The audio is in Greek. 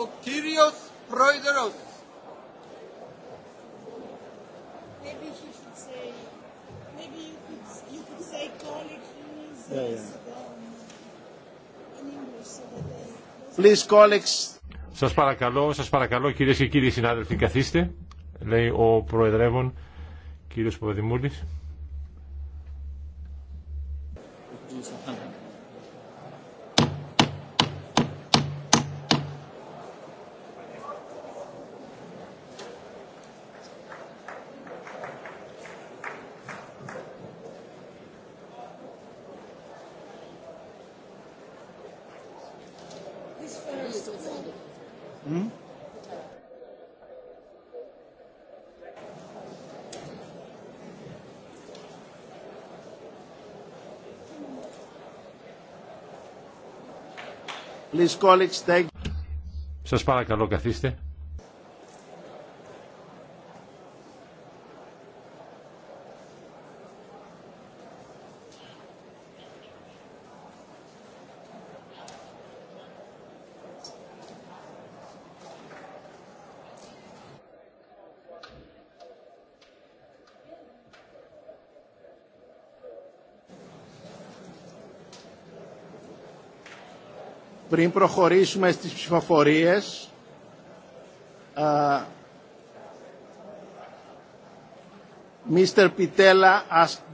ο κύριος Πρόεδρος. Σας παρακαλώ, σας παρακαλώ κυρίες και κύριοι συνάδελφοι, καθίστε, λέει ο Προεδρεύων, κύριος Παπαδημούλης. Please call it, thank you. Σας παρακαλώ καθίστε. Πριν προχωρήσουμε στις ψηφοφορίες, uh, Mr. Pitella asked